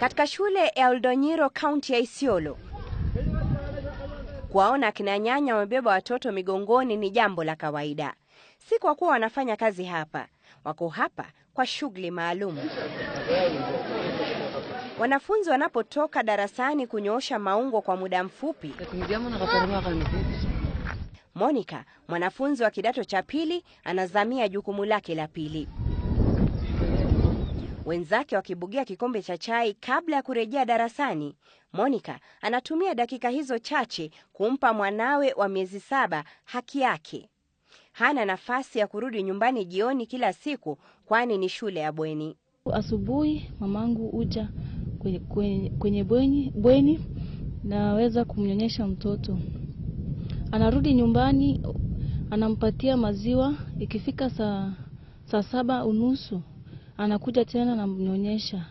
katika shule ya Oldonyiro, kaunti ya Isiolo. Kuwaona akina nyanya wamebeba watoto migongoni ni jambo la kawaida, si kwa kuwa wanafanya kazi hapa. Wako hapa kwa shughuli maalum. Wanafunzi wanapotoka darasani kunyoosha maungo kwa muda mfupi, Monica, mwanafunzi wa kidato cha pili, anazamia jukumu lake la pili wenzake wakibugia kikombe cha chai kabla ya kurejea darasani. Monica anatumia dakika hizo chache kumpa mwanawe wa miezi saba haki yake. Hana nafasi ya kurudi nyumbani jioni kila siku, kwani ni shule ya bweni. Asubuhi mamangu huja kwenye, kwenye, kwenye bweni, bweni naweza kumnyonyesha mtoto, anarudi nyumbani, anampatia maziwa. Ikifika saa saa saba unusu anakuja tena namnyonyesha.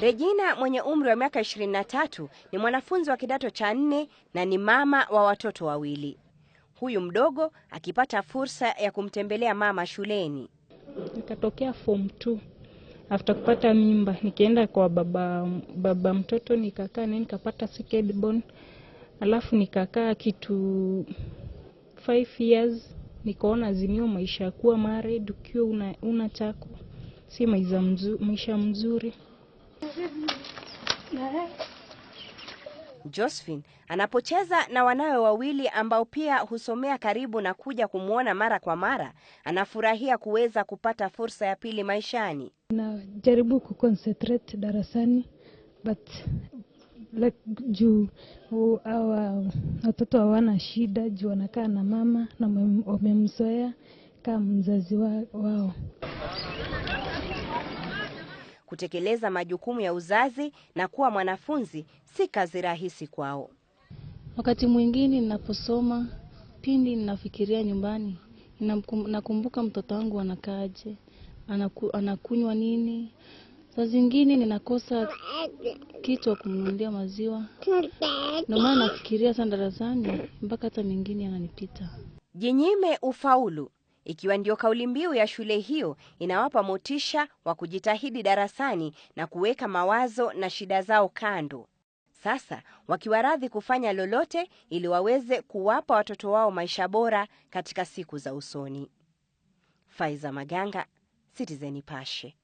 Regina mwenye umri wa miaka 23 ni mwanafunzi wa kidato cha nne na ni mama wa watoto wawili. Huyu mdogo akipata fursa ya kumtembelea mama shuleni. Nikatokea form 2 after kupata mimba, nikaenda kwa baba baba mtoto nikakaa naye nikapata second born, alafu nikakaa kitu 5 years nikaona azimio maisha ya kuwa married ukiwa una, una chako si maisha mzuri, maisha mzuri. Josephine anapocheza na wanawe wawili ambao pia husomea karibu na kuja kumwona mara kwa mara, anafurahia kuweza kupata fursa ya pili maishani. Najaribu kuconcentrate darasani but like, juu hawa watoto hawana shida juu wanakaa na mama na wamemzoea kama mzazi wa, wao. Kutekeleza majukumu ya uzazi na kuwa mwanafunzi si kazi rahisi kwao. Wakati mwingine ninaposoma, pindi ninafikiria nyumbani, nakumbuka mtoto wangu anakaaje, anaku, anakunywa nini Saa zingine ninakosa kitu wa kumnunulia maziwa, ndio maana nafikiria sana darasani, mpaka hata mengine yananipita. Jinyime ufaulu, ikiwa ndio kauli mbiu ya shule hiyo, inawapa motisha wa kujitahidi darasani na kuweka mawazo na shida zao kando, sasa wakiwa radhi kufanya lolote ili waweze kuwapa watoto wao maisha bora katika siku za usoni. Faiza Maganga, Citizen Nipashe.